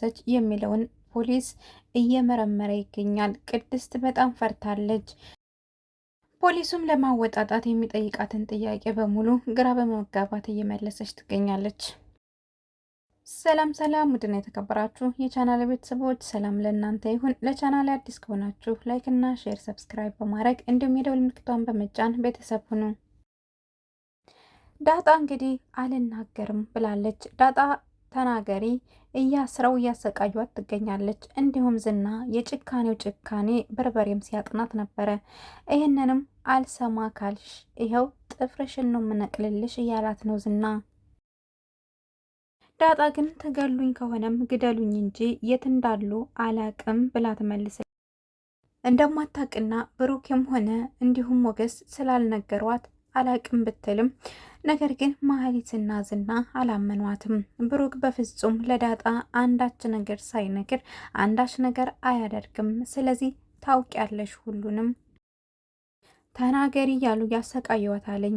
ሰች የሚለውን ፖሊስ እየመረመረ ይገኛል። ቅድስት በጣም ፈርታለች። ፖሊሱም ለማወጣጣት የሚጠይቃትን ጥያቄ በሙሉ ግራ በመጋባት እየመለሰች ትገኛለች። ሰላም ሰላም፣ ውድን የተከበራችሁ የቻናል ቤተሰቦች ሰላም ለእናንተ ይሁን። ለቻናል አዲስ ከሆናችሁ ላይክ እና ሼር፣ ሰብስክራይብ በማድረግ እንዲሁም የደውል ምልክቷን በመጫን ቤተሰብ ሁኑ። ዳጣ እንግዲህ አልናገርም ብላለች። ዳጣ ተናገሪ እያስረው እያሰቃዩት ትገኛለች። እንዲሁም ዝና የጭካኔው ጭካኔ በርበሬም ሲያጥናት ነበረ። ይህንንም አልሰማ ካልሽ ይኸው ጥፍርሽን ነው የምነቅልልሽ እያላት ነው ዝና። ዳጣ ግን ትገሉኝ ከሆነም ግደሉኝ እንጂ የት እንዳሉ አላቅም ብላ ትመልሰ እንደማታቅና ብሩክም ሆነ እንዲሁም ሞገስ ስላልነገሯት አላቅም ብትልም ነገር ግን ማህሌትና ዝና አላመኗትም። ብሩክ በፍጹም ለዳጣ አንዳች ነገር ሳይነግር አንዳች ነገር አያደርግም። ስለዚህ ታውቂያለሽ ሁሉንም ተናገሪ እያሉ ያሰቃየዋታለኝ።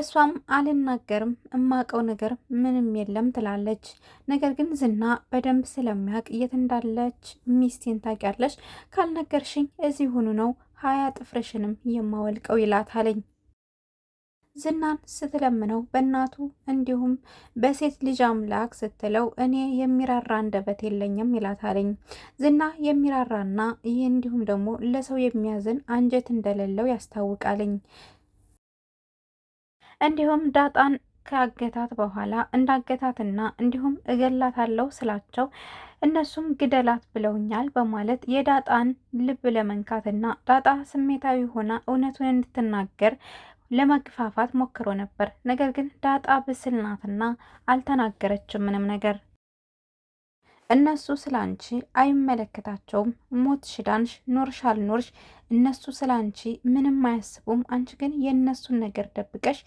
እሷም አልናገርም እማቀው ነገር ምንም የለም ትላለች። ነገር ግን ዝና በደንብ ስለሚያውቅ የት እንዳለች ሚስቴን ታውቂያለሽ፣ ካልነገርሽኝ እዚህ ሁኑ ነው ሀያ ጥፍርሽንም የማወልቀው ይላታለኝ። ዝናን ስትለምነው በእናቱ እንዲሁም በሴት ልጅ አምላክ ስትለው እኔ የሚራራ አንደበት የለኝም ይላታለኝ። ዝና የሚራራና ይህ እንዲሁም ደግሞ ለሰው የሚያዝን አንጀት እንደሌለው ያስታውቃለኝ። እንዲሁም ዳጣን ከአገታት በኋላ እንዳገታትና እንዲሁም እገላታለሁ ስላቸው እነሱም ግደላት ብለውኛል በማለት የዳጣን ልብ ለመንካትና ዳጣ ስሜታዊ ሆና እውነቱን እንድትናገር ለመግፋፋት ሞክሮ ነበር። ነገር ግን ዳጣ ብስል ናትና አልተናገረችም ምንም ነገር። እነሱ ስላንቺ አይመለከታቸውም። ሞት ሽዳንሽ ኖርሽ አልኖርሽ እነሱ ስላንቺ ምንም አያስቡም። አንቺ ግን የእነሱን ነገር ደብቀሽ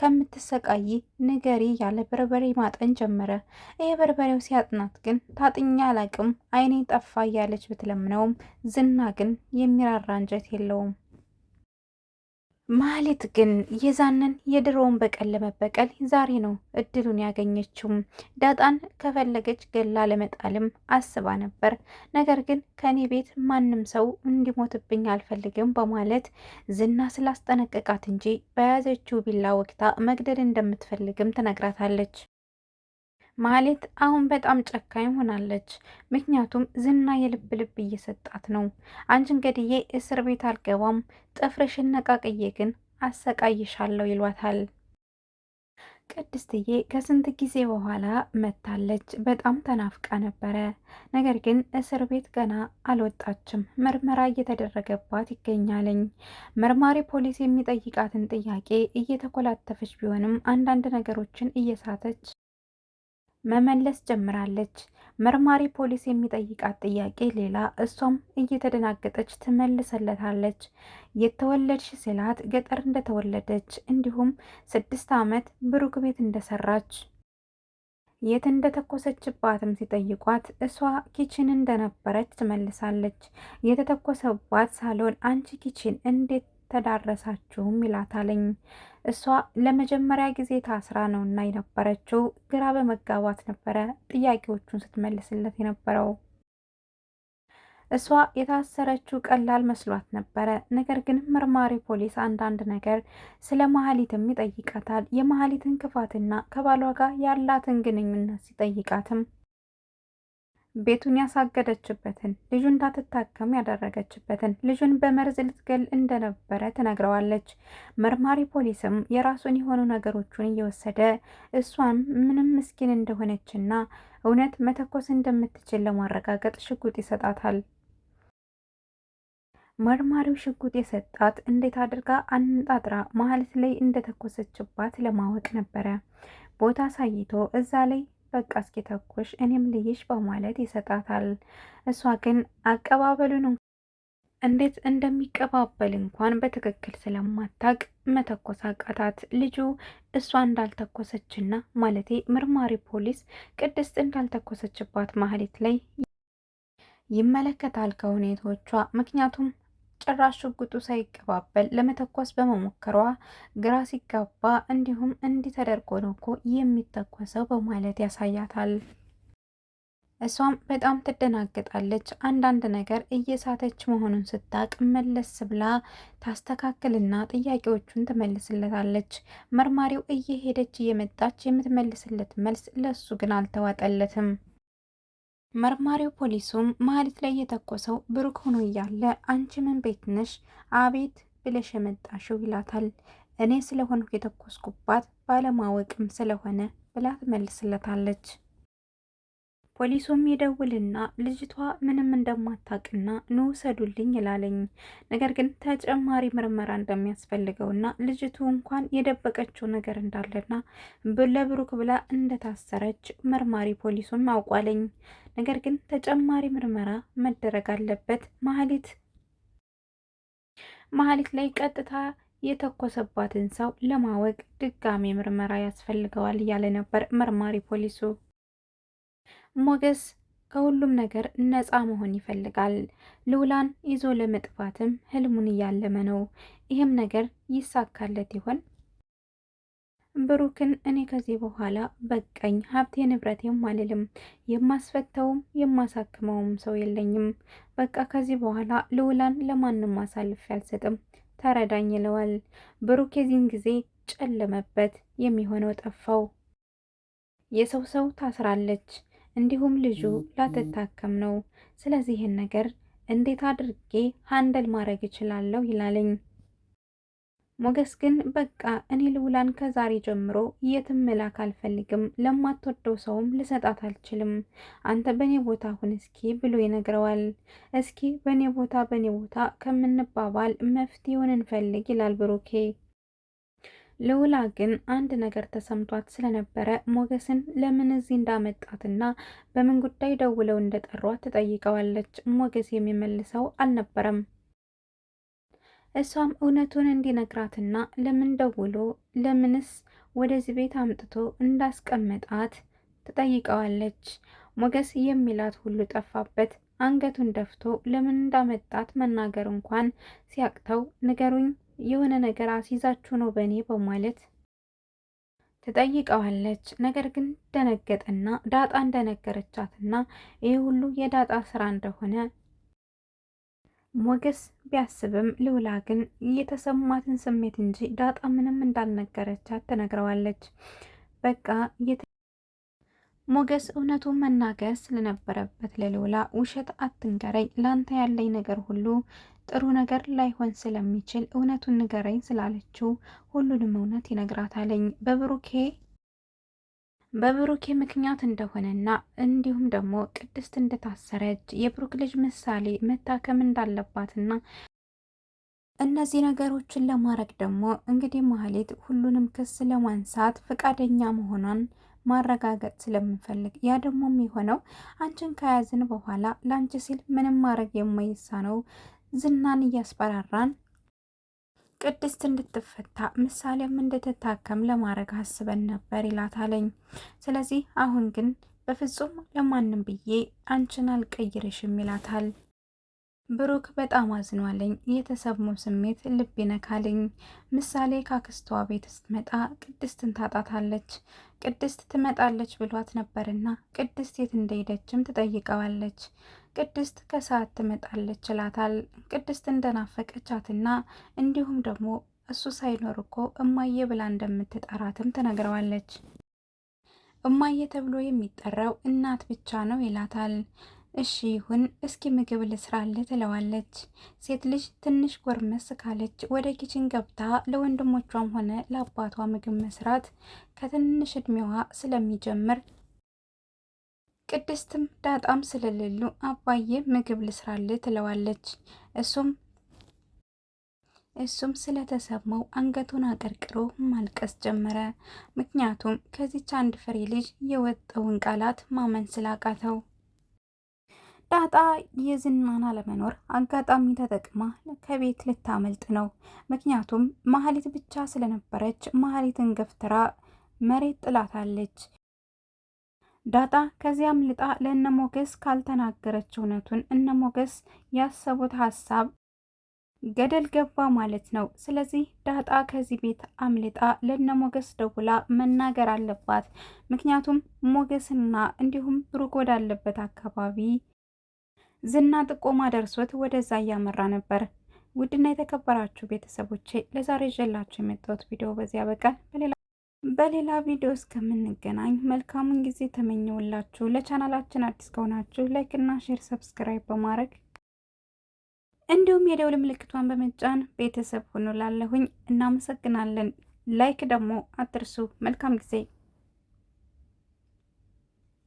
ከምትሰቃይ ንገሪ ያለ በርበሬ ማጠን ጀመረ። ይህ በርበሬው ሲያጥናት ግን ታጥኛ አላቅም አይኔ ጠፋ እያለች ብትለምነውም ዝና ግን የሚራራ አንጀት የለውም። ማለት ግን የዛንን የድሮውን በቀል ለመበቀል ዛሬ ነው እድሉን ያገኘችው። ዳጣን ከፈለገች ገላ ለመጣልም አስባ ነበር። ነገር ግን ከኔ ቤት ማንም ሰው እንዲሞትብኝ አልፈልግም በማለት ዝና ስላስጠነቀቃት እንጂ በያዘችው ቢላ ወቅታ መግደል እንደምትፈልግም ትነግራታለች። ማህሌት አሁን በጣም ጨካኝ ሆናለች። ምክንያቱም ዝና የልብ ልብ እየሰጣት ነው። አንቺን ገድዬ እስር ቤት አልገባም፣ ጥፍርሽን ነቃቅዬ ግን አሰቃይሻለሁ ይሏታል። ቅድስትዬ ከስንት ጊዜ በኋላ መታለች። በጣም ተናፍቃ ነበረ። ነገር ግን እስር ቤት ገና አልወጣችም። ምርመራ እየተደረገባት ይገኛለኝ። መርማሪ ፖሊስ የሚጠይቃትን ጥያቄ እየተኮላተፈች ቢሆንም አንዳንድ ነገሮችን እየሳተች መመለስ ጀምራለች። መርማሪ ፖሊስ የሚጠይቃት ጥያቄ ሌላ፣ እሷም እየተደናገጠች ትመልሰለታለች። የተወለድሽ ስላት ገጠር እንደተወለደች እንዲሁም ስድስት ዓመት ብሩክ ቤት እንደሰራች የት እንደተኮሰችባትም ሲጠይቋት እሷ ኪችን እንደነበረች ትመልሳለች። የተተኮሰባት ሳሎን አንቺ ኪችን እንዴት ተዳረሳችሁም ይላታለኝ። እሷ ለመጀመሪያ ጊዜ ታስራ ነው እና የነበረችው ግራ በመጋባት ነበረ ጥያቄዎቹን ስትመልስለት የነበረው። እሷ የታሰረችው ቀላል መስሏት ነበረ። ነገር ግን መርማሪ ፖሊስ አንዳንድ ነገር ስለ መሀሊትም ይጠይቃታል። የመሀሊትን ክፋትና ከባሏ ጋር ያላትን ግንኙነት ሲጠይቃትም ቤቱን ያሳገደችበትን ልጁ እንዳትታከም ያደረገችበትን ልጁን በመርዝ ልትገል እንደነበረ ትነግረዋለች። መርማሪ ፖሊስም የራሱን የሆኑ ነገሮቹን እየወሰደ እሷን ምንም ምስኪን እንደሆነችና እውነት መተኮስ እንደምትችል ለማረጋገጥ ሽጉጥ ይሰጣታል። መርማሪው ሽጉጥ የሰጣት እንዴት አድርጋ አነጣጥራ መሀል ላይ እንደተኮሰችባት ለማወቅ ነበረ። ቦታ አሳይቶ እዛ ላይ በቃ እስኪ ተኩሽ እኔም ልይሽ በማለት ይሰጣታል። እሷ ግን አቀባበሉን እንዴት እንደሚቀባበል እንኳን በትክክል ስለማታቅ መተኮስ አቃታት። ልጁ እሷ እንዳልተኮሰችና ማለቴ ምርማሪ ፖሊስ ቅድስት እንዳልተኮሰችባት ማህሌት ላይ ይመለከታል ከሁኔታዎቿ ምክንያቱም ጭራሽ ሽጉጡ ሳይቀባበል ለመተኮስ በመሞከሯ ግራ ሲጋባ እንዲሁም እንዲህ ተደርጎ ነው እኮ የሚተኮሰው በማለት ያሳያታል። እሷም በጣም ትደናገጣለች። አንዳንድ ነገር እየሳተች መሆኑን ስታቅ መለስ ብላ ታስተካክልና ጥያቄዎቹን ትመልስለታለች። መርማሪው እየሄደች እየመጣች የምትመልስለት መልስ ለሱ ግን አልተዋጠለትም። መርማሪው ፖሊሱም መሀሊት ላይ የተኮሰው ብሩክ ሆኖ እያለ አንቺ ምን ቤት ነሽ? አቤት ብለሽ የመጣሽው ይላታል። እኔ ስለሆንኩ የተኮስኩባት ባለማወቅም ስለሆነ ብላ ትመልስለታለች። ፖሊሱም ይደውልና ልጅቷ ምንም እንደማታውቅና ንውሰዱልኝ ይላለኝ። ነገር ግን ተጨማሪ ምርመራ እንደሚያስፈልገውና ልጅቱ እንኳን የደበቀችው ነገር እንዳለና ለብሩክ ብላ እንደታሰረች መርማሪ ፖሊሱም አውቋለኝ። ነገር ግን ተጨማሪ ምርመራ መደረግ አለበት። ማህሌት ማህሌት ላይ ቀጥታ የተኮሰባትን ሰው ለማወቅ ድጋሜ ምርመራ ያስፈልገዋል እያለ ነበር መርማሪ ፖሊሱ። ሞገስ ከሁሉም ነገር ነፃ መሆን ይፈልጋል። ልውላን ይዞ ለመጥፋትም ህልሙን እያለመ ነው። ይህም ነገር ይሳካለት ይሆን? ብሩክን እኔ ከዚህ በኋላ በቀኝ ሀብቴ ንብረቴም አልልም፣ የማስፈተውም የማሳክመውም ሰው የለኝም። በቃ ከዚህ በኋላ ልውላን ለማንም አሳልፌ አልሰጥም፣ ተረዳኝ ይለዋል። ብሩክ የዚህን ጊዜ ጨለመበት፣ የሚሆነው ጠፋው። የሰው ሰው ታስራለች እንዲሁም ልጁ ላትታከም ነው። ስለዚህ ይህን ነገር እንዴት አድርጌ ሀንደል ማድረግ እችላለሁ ይላለኝ። ሞገስ ግን በቃ እኔ ልውላን ከዛሬ ጀምሮ የትም መላክ አልፈልግም፣ ለማትወደው ሰውም ልሰጣት አልችልም። አንተ በእኔ ቦታ ሁን እስኪ ብሎ ይነግረዋል። እስኪ በእኔ ቦታ በእኔ ቦታ ከምንባባል መፍትሄውን እንፈልግ ይላል ብሩኬ። ልውላ ግን አንድ ነገር ተሰምቷት ስለነበረ ሞገስን ለምን እዚህ እንዳመጣትና በምን ጉዳይ ደውለው እንደጠሯት ትጠይቀዋለች። ሞገስ የሚመልሰው አልነበረም። እሷም እውነቱን እንዲነግራትና ለምን ደውሎ ለምንስ ወደዚህ ቤት አምጥቶ እንዳስቀመጣት ትጠይቀዋለች። ሞገስ የሚላት ሁሉ ጠፋበት። አንገቱን ደፍቶ ለምን እንዳመጣት መናገር እንኳን ሲያቅተው ንገሩኝ የሆነ ነገር አስይዛችሁ ነው በእኔ በማለት ትጠይቀዋለች። ነገር ግን ደነገጠና ዳጣ እንደነገረቻትና ይህ ሁሉ የዳጣ ስራ እንደሆነ ሞገስ ቢያስብም ልውላ ግን የተሰማትን ስሜት እንጂ ዳጣ ምንም እንዳልነገረቻት ትነግረዋለች። በቃ ሞገስ እውነቱ መናገር ስለነበረበት ለልውላ ውሸት አትንገረኝ፣ ላንተ ያለኝ ነገር ሁሉ ጥሩ ነገር ላይሆን ስለሚችል እውነቱን ንገረኝ ስላለችው ሁሉንም እውነት ይነግራታለኝ በብሩኬ በብሩኬ ምክንያት እንደሆነና እንዲሁም ደግሞ ቅድስት እንደታሰረች የብሩክ ልጅ ምሳሌ መታከም እንዳለባትና እነዚህ ነገሮችን ለማድረግ ደግሞ እንግዲህ ማህሌት ሁሉንም ክስ ለማንሳት ፈቃደኛ መሆኗን ማረጋገጥ ስለምንፈልግ ያ ደግሞ የሚሆነው አንቺን ከያዝን በኋላ ለአንቺ ሲል ምንም ማድረግ የማይሳነው ዝናን እያስፈራራን ቅድስት እንድትፈታ ምሳሌም እንድትታከም ለማድረግ አስበን ነበር ይላታለኝ። ስለዚህ አሁን ግን በፍጹም ለማንም ብዬ አንቺን አልቀይርሽም ይላታል። ብሩክ በጣም አዝኗለኝ። የተሰማው ስሜት ልብ ይነካልኝ። ምሳሌ ካክስቷ ቤት ስትመጣ ቅድስትን ታጣታለች። ቅድስት ትመጣለች ብሏት ነበርና ቅድስት የት እንደሄደችም ትጠይቀዋለች። ቅድስት ከሰዓት ትመጣለች ይላታል። ቅድስት እንደናፈቀቻትና እንዲሁም ደግሞ እሱ ሳይኖር እኮ እማዬ ብላ እንደምትጠራትም ትነግረዋለች። እማዬ ተብሎ የሚጠራው እናት ብቻ ነው ይላታል። እሺ ይሁን እስኪ ምግብ ልስራለ ትለዋለች። ሴት ልጅ ትንሽ ጎርመስ ካለች ወደ ኪችን ገብታ ለወንድሞቿም ሆነ ለአባቷ ምግብ መስራት ከትንሽ እድሜዋ ስለሚጀምር ቅድስትም ዳጣም ስለሌሉ አባዬ ምግብ ልስራልህ ትለዋለች። እሱም እሱም ስለተሰማው አንገቱን አቀርቅሮ ማልቀስ ጀመረ። ምክንያቱም ከዚች አንድ ፍሬ ልጅ የወጣውን ቃላት ማመን ስላቃተው ዳጣ የዝናን አለመኖር አጋጣሚ ተጠቅማ ከቤት ልታመልጥ ነው። ምክንያቱም መሀሊት ብቻ ስለነበረች መሀሊትን ገፍትራ መሬት ጥላታለች። ዳጣ ከዚያም ልጣ ሞገስ ካልተናገረች እውነቱን ሞገስ ያሰቡት ሀሳብ ገደል ገባ ማለት ነው። ስለዚህ ዳጣ ከዚህ ቤት አምልጣ ሞገስ ደውላ መናገር አለባት። ምክንያቱም ሞገስና እንዲሁም ብሩክ ወዳለበት አካባቢ ዝና ጥቆማ ደርሶት ወደዛ እያመራ ነበር። ውድና የተከበራችሁ ቤተሰቦቼ ለዛሬ ይዤላችሁ የመጣሁት ቪዲዮ በዚያ በቃል በሌላ በሌላ ቪዲዮ እስከምንገናኝ መልካሙን ጊዜ ተመኘውላችሁ። ለቻናላችን አዲስ ከሆናችሁ ላይክ እና ሼር፣ ሰብስክራይብ በማድረግ እንዲሁም የደውል ምልክቷን በመጫን ቤተሰብ ሁኑ ላለሁኝ እናመሰግናለን። ላይክ ደግሞ አትርሱ። መልካም ጊዜ